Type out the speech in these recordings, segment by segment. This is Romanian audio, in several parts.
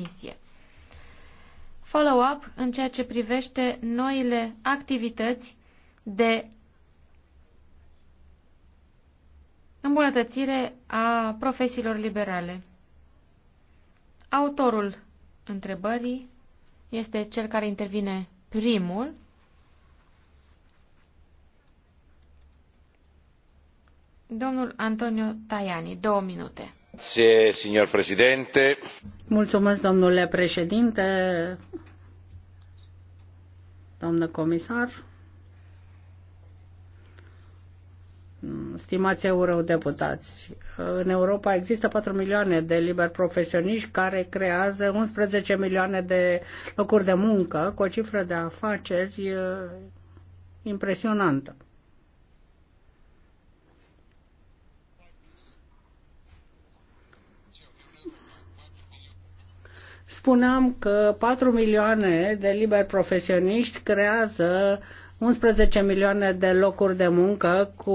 misie. Follow-up în ceea ce privește noile activități de îmbunătățire a profesiilor liberale. Autorul întrebării este cel care intervine primul. Domnul Antonio Tajani, două minute. Mulțumesc, domnule președinte, doamnă comisar, stimați eurodeputați. În Europa există patru milioane de liberi profesioniști care creează unsprezece milioane de locuri de muncă cu o cifră de afaceri eh, impresionantă. spuneam că 4 milioane de liberi profesioniști creează 11 milioane de locuri de muncă cu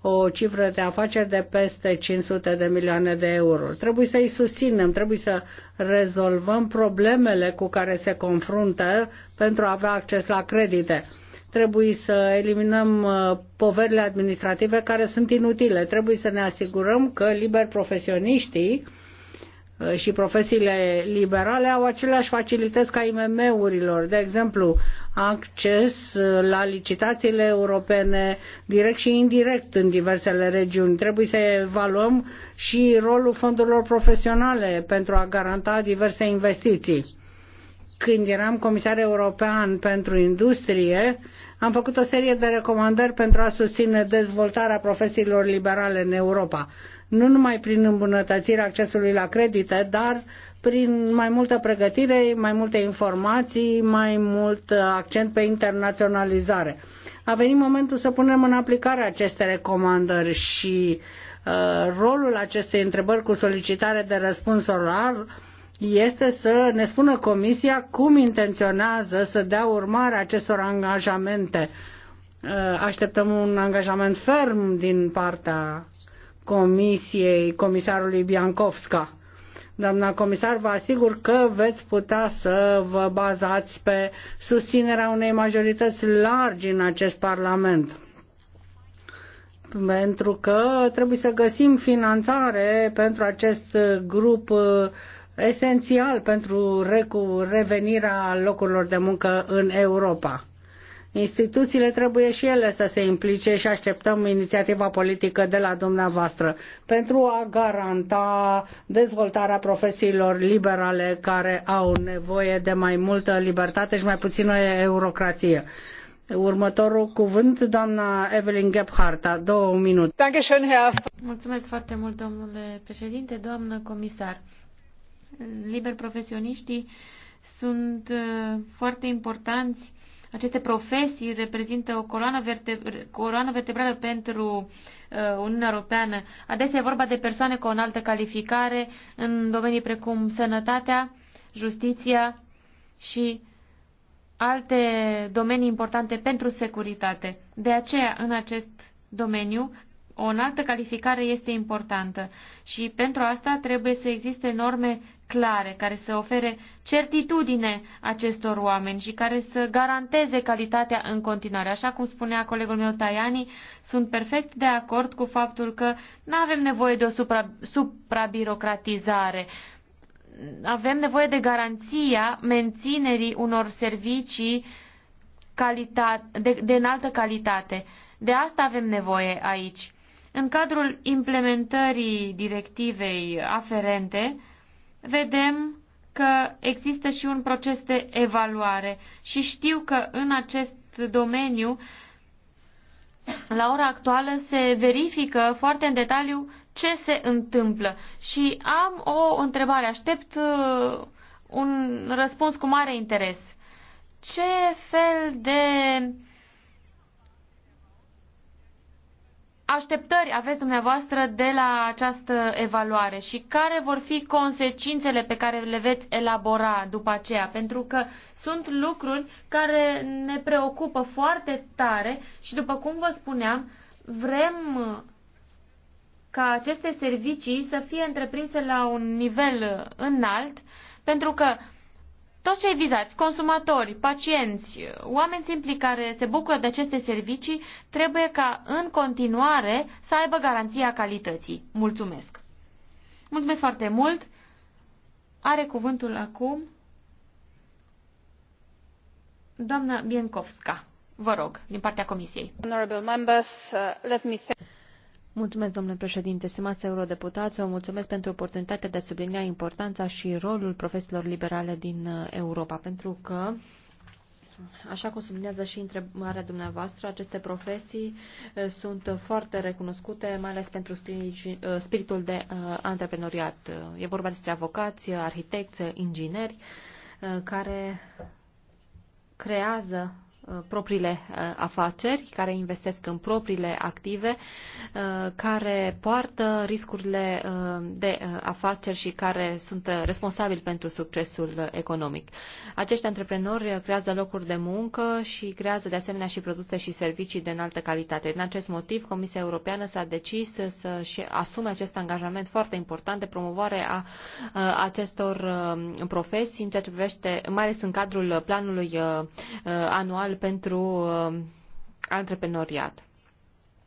o cifră de afaceri de peste 500 de milioane de euro. Trebuie să îi susținem, trebuie să rezolvăm problemele cu care se confruntă pentru a avea acces la credite. Trebuie să eliminăm uh, poverile administrative care sunt inutile. Trebuie să ne asigurăm că liberi profesioniștii Uh, și profesiile liberale au aceleași facilități ca IMM-urilor, de exemplu, acces uh, la licitațiile europene direct și indirect în diversele regiuni. Trebuie să evaluăm și rolul fondurilor profesionale pentru a garanta diverse investiții. Când eram comisar european pentru industrie, am făcut o serie de recomandări pentru a susține dezvoltarea profesiilor liberale în Europa nu numai prin îmbunătățirea accesului la credite, dar prin mai multă pregătire, mai multe informații, mai mult uh, accent pe internaționalizare. A venit momentul să punem în aplicare aceste recomandări și uh, rolul acestei întrebări cu solicitare de răspuns oral este să ne spună Comisia cum intenționează să dea urmare acestor angajamente. Uh, așteptăm un angajament ferm din partea Comisiei, comisarului Biancovska. Doamna comisar, vă asigur că veți putea să vă bazați pe susținerea unei majorități largi în acest Parlament pentru că trebuie să găsim finanțare pentru acest grup uh, esențial pentru revenirea locurilor de muncă în Europa. Instituțiile trebuie și ele să se implice și așteptăm inițiativa politică de la dumneavoastră pentru a garanta dezvoltarea profesiilor liberale care au nevoie de mai multă libertate și mai puțină eurocrație. Următorul cuvânt, doamna Evelyn Gebhardt, două minute. Mulțumesc foarte mult, domnule președinte, doamnă comisar. Liber profesioniștii sunt uh, foarte importanți aceste profesii reprezintă o coloană, verte, coloană vertebrală pentru uh, Uniunea Europeană. Adesea e vorba de persoane cu o înaltă calificare în domenii precum sănătatea, justiția și alte domenii importante pentru securitate. De aceea, în acest domeniu, o înaltă calificare este importantă și pentru asta trebuie să existe norme clare, care să ofere certitudine acestor oameni și care să garanteze calitatea în continuare. Așa cum spunea colegul meu Taiani, sunt perfect de acord cu faptul că nu avem nevoie de o supra, suprabirocratizare. Avem nevoie de garanția menținerii unor servicii calitate, de, de înaltă calitate. De asta avem nevoie aici. În cadrul implementării directivei aferente, vedem că există și un proces de evaluare și știu că în acest domeniu la ora actuală se verifică foarte în detaliu ce se întâmplă. Și am o întrebare, aștept uh, un răspuns cu mare interes. Ce fel de așteptări aveți dumneavoastră de la această evaluare și care vor fi consecințele pe care le veți elabora după aceea? Pentru că sunt lucruri care ne preocupă foarte tare și, după cum vă spuneam, vrem ca aceste servicii să fie întreprinse la un nivel înalt, pentru că toți cei vizați, consumatori, pacienți, oameni simpli care se bucură de aceste servicii, trebuie ca în continuare să aibă garanția calității. Mulțumesc! Mulțumesc foarte mult! Are cuvântul acum doamna Biencovska. Vă rog, din partea Comisiei. Members, uh, let me. Mulțumesc, domnule președinte. Stimați eurodeputați, vă mulțumesc pentru oportunitatea de a sublinia importanța și rolul profesiilor liberale din uh, Europa, pentru că Așa cum sublinează și întrebarea dumneavoastră, aceste profesii uh, sunt foarte recunoscute, mai ales pentru uh, spiritul de antreprenoriat. E vorba despre avocați, arhitecți, ingineri, care creează Uh, propriile uh, afaceri, care investesc în propriile active, uh, care poartă riscurile de afaceri și care sunt responsabili pentru succesul economic. Acești antreprenori creează locuri de muncă și creează de asemenea și produse și servicii de înaltă calitate. În acest motiv, Comisia Europeană s-a decis să-și asume acest angajament foarte important de promovare a acestor profesii în ceea ce privește, mai ales în cadrul planului anual special pentru uh, antreprenoriat.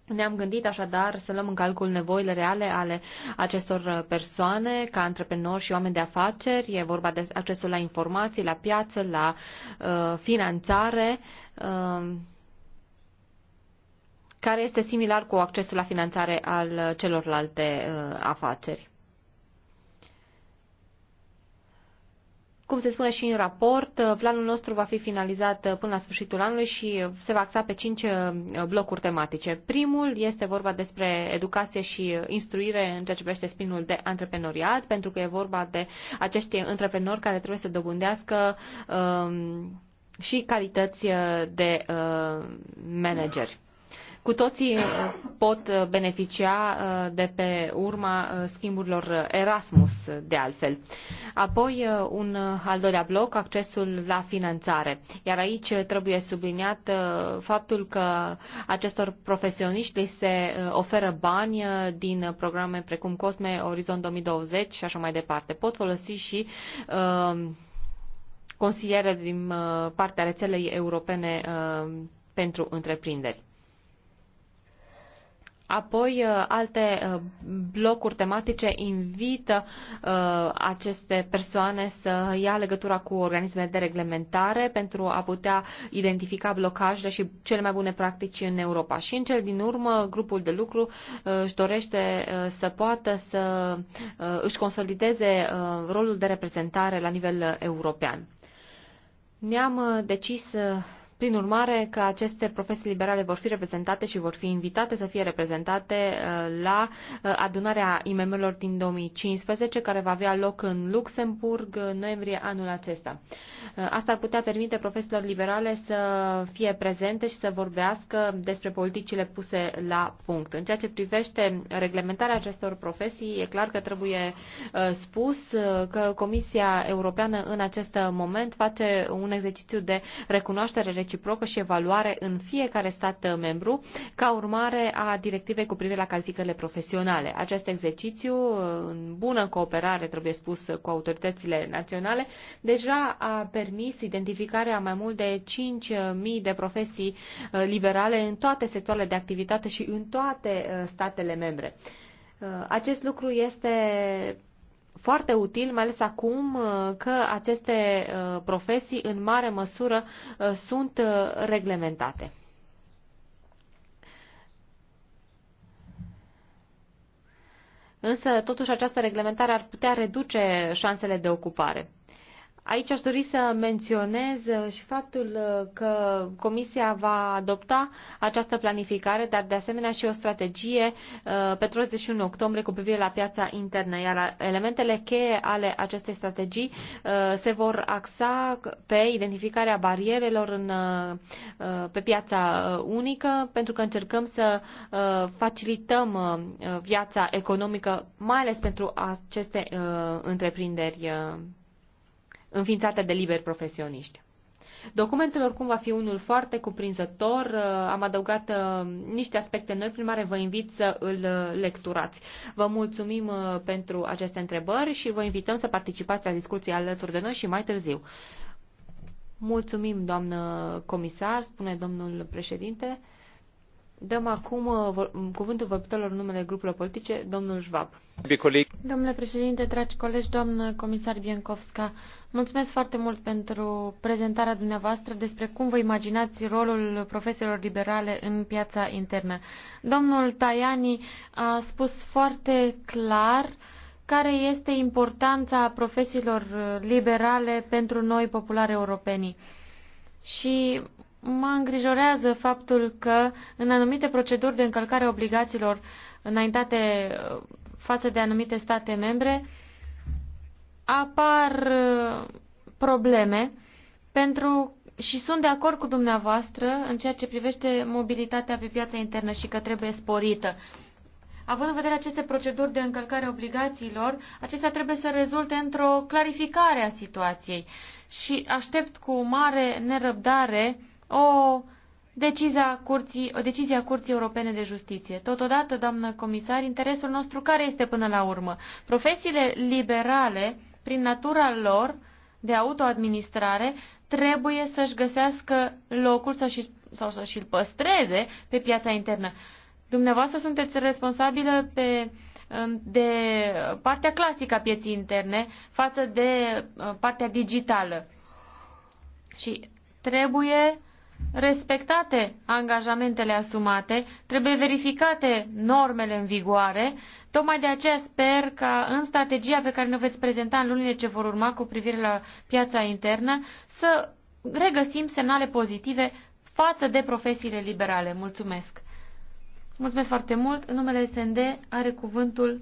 Ne-am gândit așadar să luăm în calcul nevoile reale ale acestor uh, persoane ca antreprenori și oameni de afaceri. E vorba de accesul la informații, la piață, la uh, finanțare, uh, care este similar cu accesul la finanțare al uh, celorlalte uh, afaceri. Cum se spune și în raport, uh, planul nostru va fi finalizat uh, până la sfârșitul anului și uh, se va axa pe cinci blocuri tematice. Primul este vorba despre educație și instruire în ceea ce privește spinul de antreprenoriat, pentru că e vorba de acești antreprenori care trebuie să dobândească um, și calități de uh, manageri. Cu toții uh, pot uh, beneficia uh, de pe urma schimburilor Erasmus, de altfel. Apoi, un al doilea bloc, accesul la finanțare. Iar aici trebuie subliniat faptul că acestor profesioniști li se oferă bani din programe precum COSME, Orizont 2020 și așa mai departe. Pot folosi și consiliere din partea rețelei europene pentru întreprinderi. Apoi, uh, alte uh, blocuri tematice invită uh, aceste persoane să ia legătura cu organismele de reglementare pentru a putea identifica blocajele și cele mai bune practici în Europa. Și în cel din urmă, grupul de lucru își dorește să poată să își consolideze rolul de reprezentare la nivel european. Ne-am decis prin urmare, că aceste profesii liberale vor fi reprezentate și vor fi invitate să fie reprezentate uh, la uh, adunarea IMM-urilor din 2015, care va avea loc în Luxemburg în noiembrie anul acesta. Uh, asta ar putea permite profesorilor liberale să fie prezente și să vorbească despre politicile puse la punct. În ceea ce privește reglementarea acestor profesii, e clar că trebuie spus că Comisia Europeană în acest moment face un exercițiu de recunoaștere reciprocă și evaluare în fiecare stat membru ca urmare a directivei cu privire la calificările profesionale. Acest exercițiu, în bună cooperare, trebuie spus, cu autoritățile naționale, deja a permis identificarea mai mult de 5.000 de profesii uh, liberale în toate sectoarele de activitate și în toate uh, statele membre. Uh, acest lucru este foarte util, mai ales acum uh, că aceste uh, profesii în mare măsură uh, sunt reglementate. Însă, totuși, această reglementare ar putea reduce șansele de ocupare. Aici aș dori să menționez uh, și faptul uh, că Comisia va adopta această planificare, dar de asemenea și o strategie uh, pe 31 octombrie cu privire la piața internă, iar elementele cheie ale acestei strategii se vor axa pe identificarea barierelor în, pe piața unică, pentru că încercăm să facilităm viața economică, mai ales pentru aceste întreprinderi înființate de liberi profesioniști. Documentul oricum va fi unul foarte cuprinzător. Uh, am adăugat uh, niște aspecte noi, prin mare vă invit să îl uh, lecturați. Vă mulțumim pentru aceste întrebări și vă invităm să participați la discuții alături de noi și mai târziu. Mulțumim, doamnă comisar, spune domnul președinte. Dăm acum uh, mm, cuvântul vorbitorilor în numele grupurilor politice, domnul Jvab. Domnule președinte, dragi colegi, doamnă comisar Biencovska, mulțumesc foarte mult pentru prezentarea dumneavoastră despre cum vă imaginați rolul profesorilor liberale în piața internă. Domnul Tajani a spus foarte clar care este importanța profesiilor liberale pentru noi, populare europenii. Și mă îngrijorează faptul că în anumite proceduri de încălcare a obligațiilor înaintate uh, față de anumite state membre apar uh, probleme pentru și sunt de acord cu dumneavoastră în ceea ce privește mobilitatea pe piața internă și că trebuie sporită. Având în vedere aceste proceduri de încălcare obligațiilor, acestea trebuie să rezulte într-o clarificare a situației și aștept cu mare nerăbdare o decizie a Curții, o decizie a Curții Europene de Justiție. Totodată, doamnă comisar, interesul nostru care este până la urmă? Profesiile liberale, prin natura lor de autoadministrare, trebuie să-și găsească locul să -și, sau să-și îl păstreze pe piața internă. Dumneavoastră sunteți responsabilă pe, de partea clasică a pieții interne față de uh, partea digitală. Și trebuie uh, respectate angajamentele asumate, trebuie verificate normele în vigoare. Tocmai de aceea sper că în strategia pe care ne veți prezenta în lunile ce vor urma cu privire la piața internă să regăsim semnale pozitive față de profesiile liberale. Mulțumesc! Mulțumesc foarte mult! În numele SND are cuvântul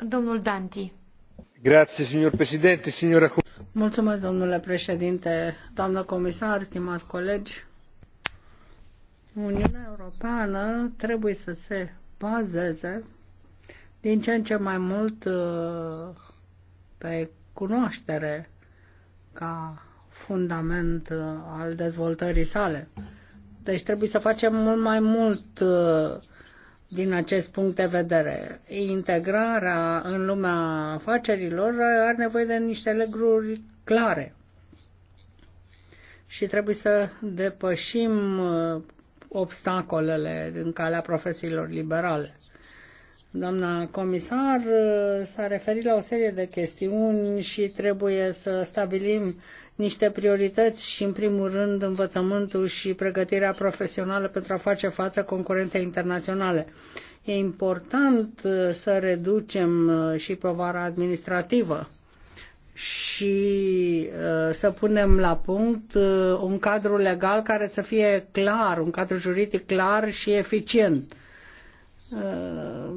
domnul Danti. Grazie, signor Presidente, signora Mulțumesc, domnule președinte, doamnă comisar, stimați colegi. Uniunea Europeană trebuie să se bazeze din ce în ce mai mult uh, pe cunoaștere ca fundament uh, al dezvoltării sale. Deci trebuie să facem mult mai mult uh, din acest punct de vedere. Integrarea în lumea afacerilor are nevoie de niște lucruri clare. Și trebuie să depășim uh, obstacolele din calea profesiilor liberale. Doamna comisar uh, s-a referit la o serie de chestiuni și trebuie să stabilim niște priorități și, în primul rând, învățământul și pregătirea profesională pentru a face față concurenței internaționale. E important uh, să reducem uh, și povara administrativă și uh, să punem la punct un cadru legal care să fie clar, un cadru juridic clar și eficient Uh,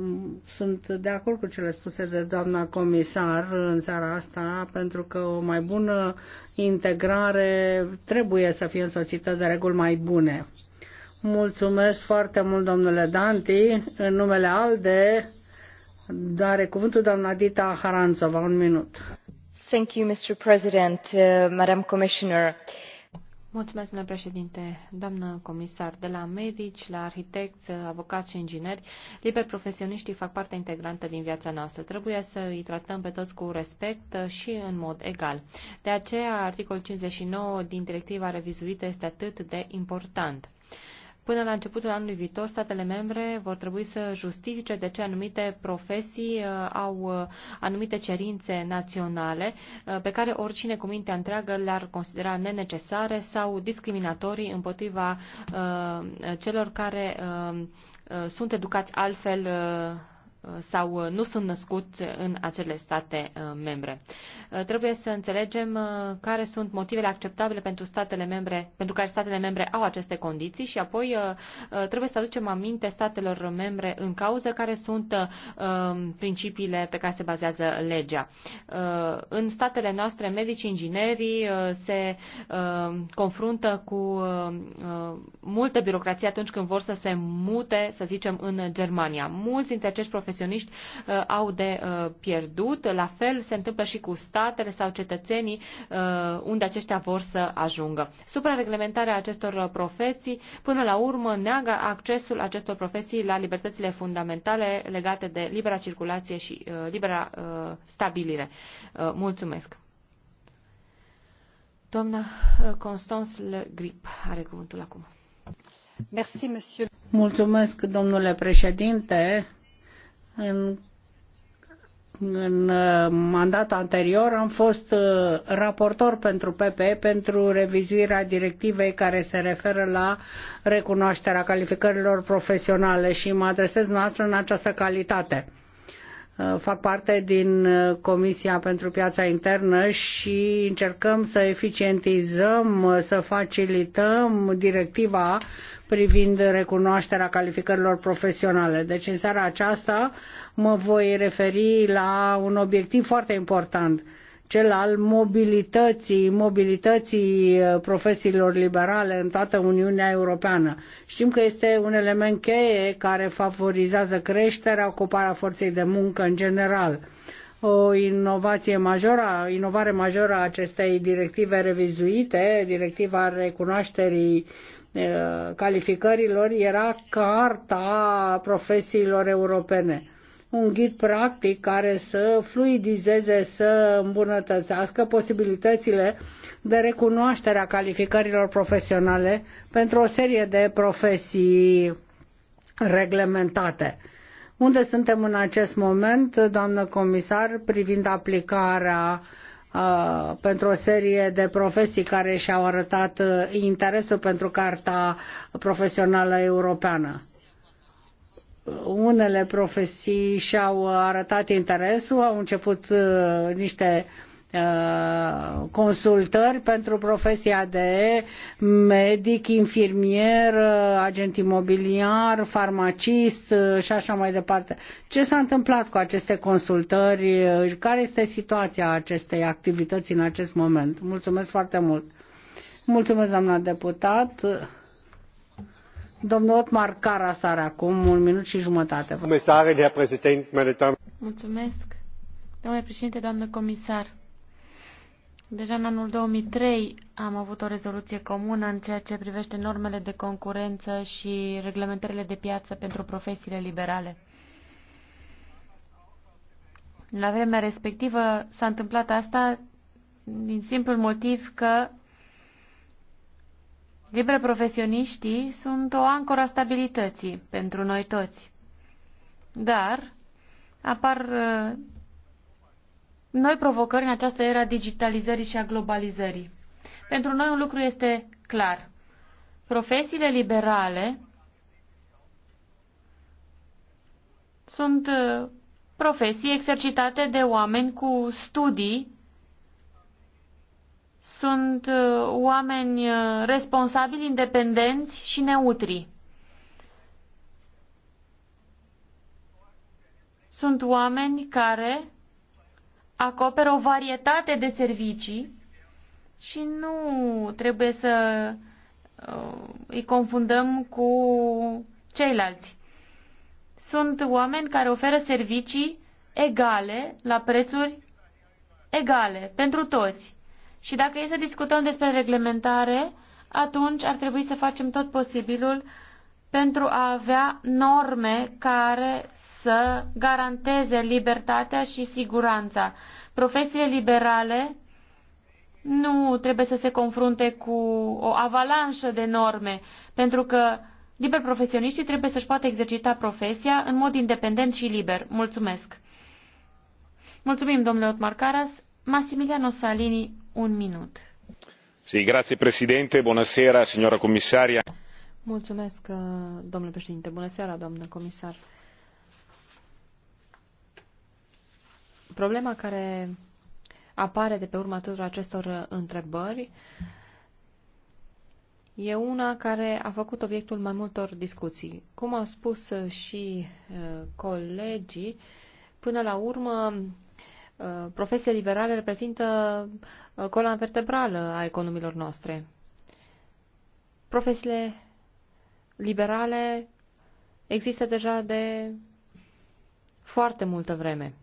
sunt de acord cu cele spuse de doamna comisar în seara asta, pentru că o mai bună integrare trebuie să fie însoțită de reguli mai bune. Mulțumesc foarte mult, domnule Danti. În numele ALDE, dar cuvântul doamna Dita Haranțova. Un minut. Thank you, Mr. President, uh, Madam Commissioner. Uh, Mulțumesc, domnule președinte, doamnă comisar. De la medici, la arhitecți, avocați și ingineri, liberi profesioniștii fac parte integrantă din viața noastră. Trebuie să îi tratăm pe toți cu respect și în mod egal. De aceea, articolul 59 din directiva revizuită este atât de important. Până la începutul anului viitor, statele membre vor trebui să justifice de ce anumite profesii uh, au uh, anumite cerințe naționale uh, pe care oricine cu mintea întreagă le-ar considera nenecesare sau discriminatorii împotriva celor care sunt educați altfel sau uh, nu sunt născuți în acele state uh, membre. Uh, trebuie să înțelegem care sunt motivele acceptabile pentru, statele membre, pentru care statele membre au aceste condiții și apoi trebuie să aducem aminte statelor membre în cauză care sunt um, principiile pe care se bazează legea. În statele noastre, medicii, inginerii se um, confruntă cu multă birocrație atunci când vor să se mute, să zicem, în Germania. Mulți dintre acești profesori profesioniști uh, au de uh, pierdut. La fel se întâmplă și cu statele sau cetățenii uh, unde aceștia vor să ajungă. Suprareglementarea acestor profesii până la urmă neagă accesul acestor profesii la libertățile fundamentale legate de libera circulație și libera stabilire. Mulțumesc! Doamna Constance Le Grip are cuvântul acum. Mulțumesc, domnule președinte în, în uh, mandat anterior am fost uh, raportor pentru PPE pentru revizuirea directivei care se referă la recunoașterea calificărilor profesionale și mă adresez noastră în această calitate Uh, fac parte din uh, Comisia pentru Piața Internă și încercăm să eficientizăm, uh, să facilităm directiva privind recunoașterea calificărilor profesionale. Deci în seara aceasta mă voi referi la un obiectiv foarte important cel al mobilității, mobilității uh, profesiilor liberale în toată Uniunea Europeană. Știm că este un element cheie care favorizează creșterea, ocuparea forței de muncă în general. O inovație majoră, inovare majoră a acestei directive revizuite, directiva recunoașterii uh, calificărilor, era carta profesiilor europene un ghid practic care să fluidizeze, să îmbunătățească posibilitățile de recunoaștere a calificărilor profesionale pentru o serie de profesii reglementate. Unde suntem în acest moment, doamnă comisar, privind aplicarea uh, pentru o serie de profesii care și-au arătat uh, interesul pentru Carta Profesională Europeană? unele profesii și-au arătat interesul, au început uh, niște uh, consultări pentru profesia de medic, infirmier, uh, agent imobiliar, farmacist și așa mai departe. Ce s-a întâmplat cu aceste consultări? Care este situația acestei activități în acest moment? Mulțumesc foarte mult! Mulțumesc, doamna deputat! Domnul Otmar Caras are acum un minut și jumătate. Mulțumesc. Domnule președinte, doamnă comisar, deja în anul 2003 am avut o rezoluție comună în ceea ce privește normele de concurență și reglementările de piață pentru profesiile liberale. La vremea respectivă s-a întâmplat asta din simplul motiv că Libre profesioniștii sunt o ancoră stabilității pentru noi toți. Dar apar uh, noi provocări în această era digitalizării și a globalizării. Pentru noi un lucru este clar. Profesiile liberale sunt uh, profesii exercitate de oameni cu studii sunt uh, oameni uh, responsabili, independenți și neutri. Sunt oameni care acoperă o varietate de servicii și nu trebuie să uh, îi confundăm cu ceilalți. Sunt oameni care oferă servicii egale, la prețuri egale, pentru toți. Și dacă e să discutăm despre reglementare, atunci ar trebui să facem tot posibilul pentru a avea norme care să garanteze libertatea și siguranța. Profesiile liberale nu trebuie să se confrunte cu o avalanșă de norme, pentru că liber profesioniștii trebuie să-și poată exercita profesia în mod independent și liber. Mulțumesc! Mulțumim, domnule Otmar Caras. Massimiliano Salini, un minut. Sí, signora comisaria. Mulțumesc, uh, domnule președinte. Bună seara, doamnă comisar. Problema care apare de pe urma tuturor acestor întrebări e una care a făcut obiectul mai multor discuții. Cum au spus și uh, colegii, până la urmă Uh, profesiile liberale reprezintă uh, coloana vertebrală a economiilor noastre. Profesiile liberale există deja de foarte multă vreme.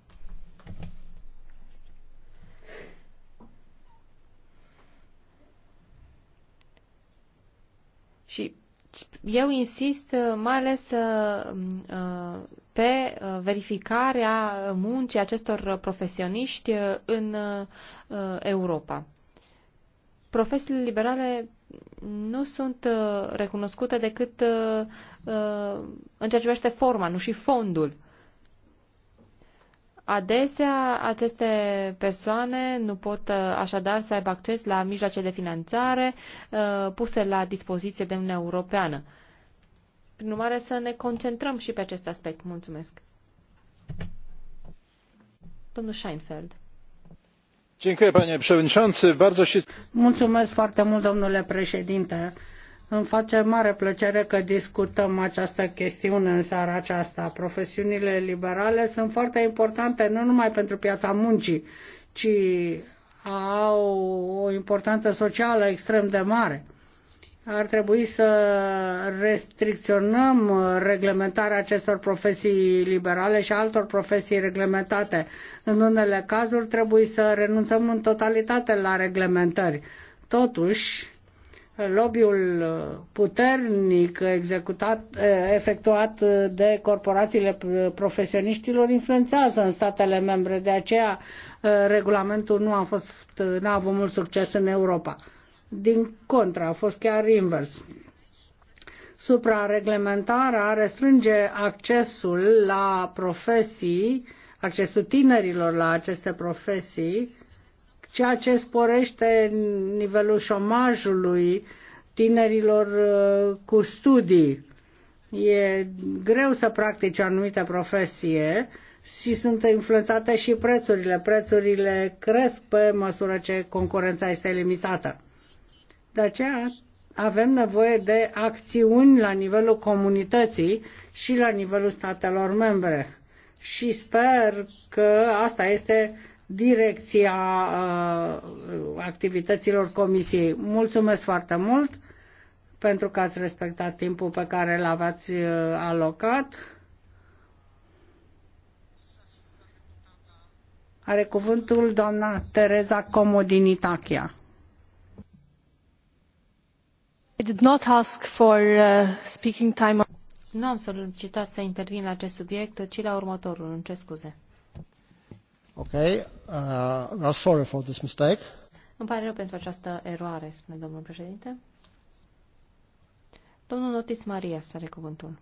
Și eu insist uh, mai ales pe uh, verificarea muncii acestor profesioniști uh, în uh, Europa. Profesiile liberale nu sunt recunoscute decât în ceea ce privește forma, nu și fondul. Adesea, aceste persoane nu pot așadar să aibă acces la mijloace de finanțare puse la dispoziție de Uniunea Europeană. Prin urmare, să ne concentrăm și pe acest aspect. Mulțumesc. Domnul Scheinfeld. Mulțumesc foarte mult, domnule președinte. Îmi face mare plăcere că discutăm această chestiune în seara aceasta. Profesiunile liberale sunt foarte importante nu numai pentru piața muncii, ci au o importanță socială extrem de mare ar trebui să restricționăm reglementarea acestor profesii liberale și altor profesii reglementate. În unele cazuri trebuie să renunțăm în totalitate la reglementări. Totuși, lobby-ul puternic executat, efectuat de corporațiile profesioniștilor influențează în statele membre. De aceea, regulamentul nu a, fost, nu a avut mult succes în Europa. Din contra, a fost chiar invers. Suprareglementarea restrânge accesul la profesii, accesul tinerilor la aceste profesii, ceea ce sporește nivelul șomajului tinerilor uh, cu studii. E greu să practici o anumită profesie și sunt influențate și prețurile. Prețurile cresc pe măsură ce concurența este limitată. De aceea avem nevoie de acțiuni la nivelul comunității și la nivelul statelor membre. Și sper că asta este direcția uh, activităților comisiei. Mulțumesc foarte mult pentru că ați respectat timpul pe care l-aveați uh, alocat. Are cuvântul doamna Tereza Comodinitachia. Uh, nu am solicitat să intervin la acest subiect ci la următorul îmi cer scuze uh, îmi pare rău pentru această eroare spune domnul președinte domnul Notis Maria să are cuvântul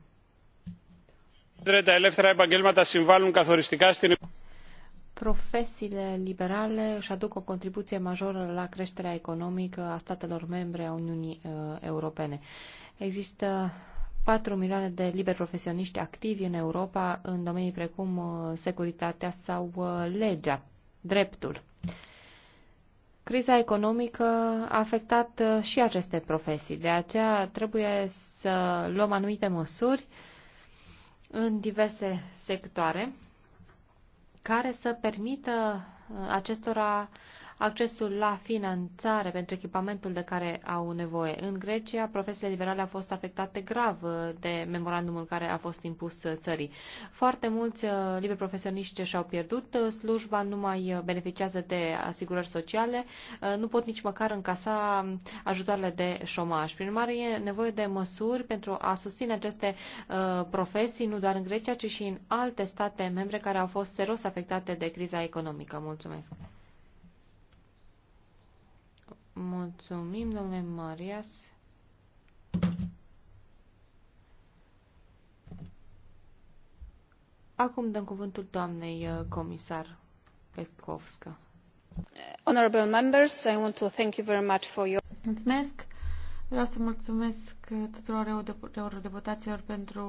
Dreta Ελεύθερα Επαγγέλματα συμβάλλουν καθοριστικά στην profesiile liberale își aduc o contribuție majoră la creșterea economică a statelor membre a Uniunii uh, Europene. Există 4 milioane de liberi profesioniști activi în Europa în domenii precum uh, securitatea sau uh, legea, dreptul. Criza economică a afectat și aceste profesii, de aceea trebuie să luăm anumite măsuri în diverse sectoare care să permită uh, acestora accesul la finanțare pentru echipamentul de care au nevoie. În Grecia, profesiile liberale au fost afectate grav de memorandumul care a fost impus țării. Foarte mulți uh, liberi profesioniști și-au pierdut uh, slujba, nu mai uh, beneficiază de asigurări sociale, nu pot nici măcar încasa ajutoarele de șomaj. Prin urmare, e nevoie de măsuri pentru a susține aceste profesii, nu doar în Grecia, ci și în alte state membre care au fost seros afectate de criza economică. Mulțumesc! Mulțumim, domnule Marias. Acum dăm cuvântul doamnei uh, comisar Petkovska. Honorable members, I want to thank you very much for your... Mulțumesc, Vreau să mulțumesc tuturor eurodeputaților pentru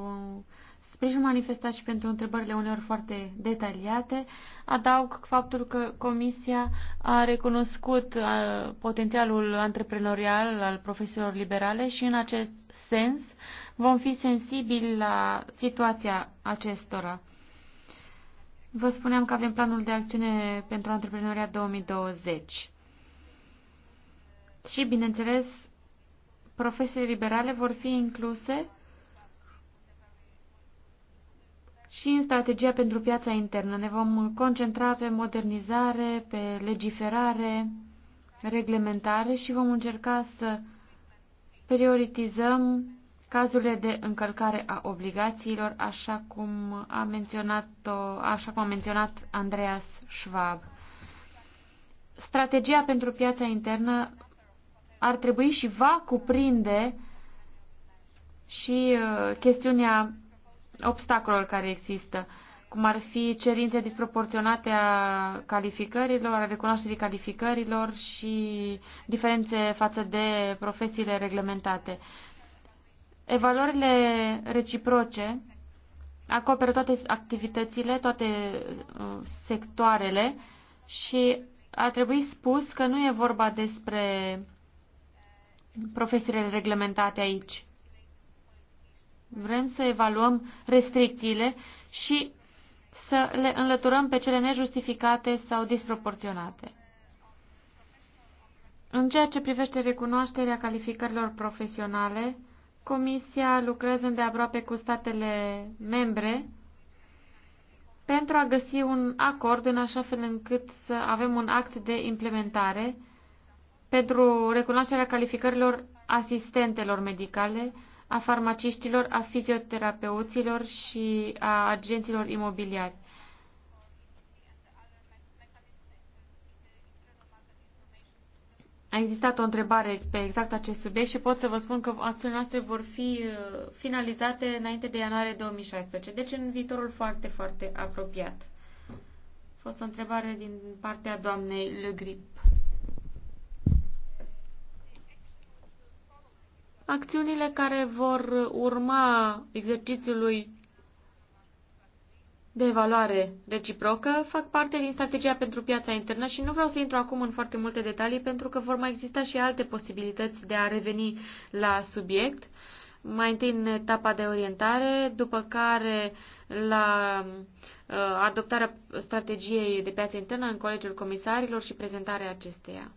sprijinul manifestat și pentru întrebările uneori foarte detaliate. Adaug faptul că Comisia a recunoscut potențialul antreprenorial al profesiilor liberale și în acest sens vom fi sensibili la situația acestora. Vă spuneam că avem planul de acțiune pentru antreprenoria 2020. Și, bineînțeles, profesiile liberale vor fi incluse și în strategia pentru piața internă. Ne vom concentra pe modernizare, pe legiferare, reglementare și vom încerca să prioritizăm cazurile de încălcare a obligațiilor, așa cum a menționat, așa cum a menționat Andreas Schwab. Strategia pentru piața internă ar trebui și va cuprinde și uh, chestiunea obstacolelor care există, cum ar fi cerințe disproporționate a calificărilor, a recunoașterii calificărilor și diferențe față de profesiile reglementate. Evaluările reciproce acoperă toate activitățile, toate uh, sectoarele și a trebuit spus că nu e vorba despre profesiile reglementate aici. Vrem să evaluăm restricțiile și să le înlăturăm pe cele nejustificate sau disproporționate. În ceea ce privește recunoașterea calificărilor profesionale, Comisia lucrează îndeaproape cu statele membre pentru a găsi un acord în așa fel încât să avem un act de implementare pentru recunoașterea calificărilor asistentelor medicale, a farmaciștilor, a fizioterapeuților și a agenților imobiliari. A existat o întrebare pe exact acest subiect și pot să vă spun că acțiunile noastre vor fi uh, finalizate înainte de ianuarie 2016, deci în viitorul foarte, foarte apropiat. A fost o întrebare din partea doamnei Le Grip. acțiunile care vor urma exercițiului de evaluare reciprocă fac parte din strategia pentru piața internă și nu vreau să intru acum în foarte multe detalii pentru că vor mai exista și alte posibilități de a reveni la subiect. Mai întâi în etapa de orientare, după care la uh, adoptarea strategiei de piață internă în Colegiul Comisarilor și prezentarea acesteia.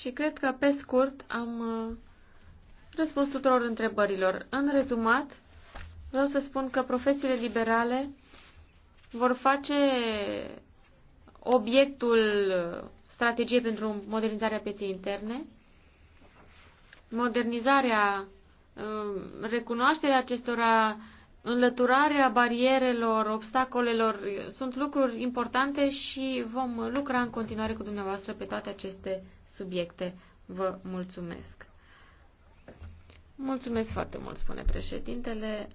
și cred că pe scurt am uh, răspuns tuturor întrebărilor. În rezumat, vreau să spun că profesiile liberale vor face obiectul strategiei pentru modernizarea pieței interne, modernizarea, uh, recunoașterea acestora înlăturarea barierelor, obstacolelor sunt lucruri importante și vom lucra în continuare cu dumneavoastră pe toate aceste subiecte. Vă mulțumesc! Mulțumesc foarte mult, spune președintele.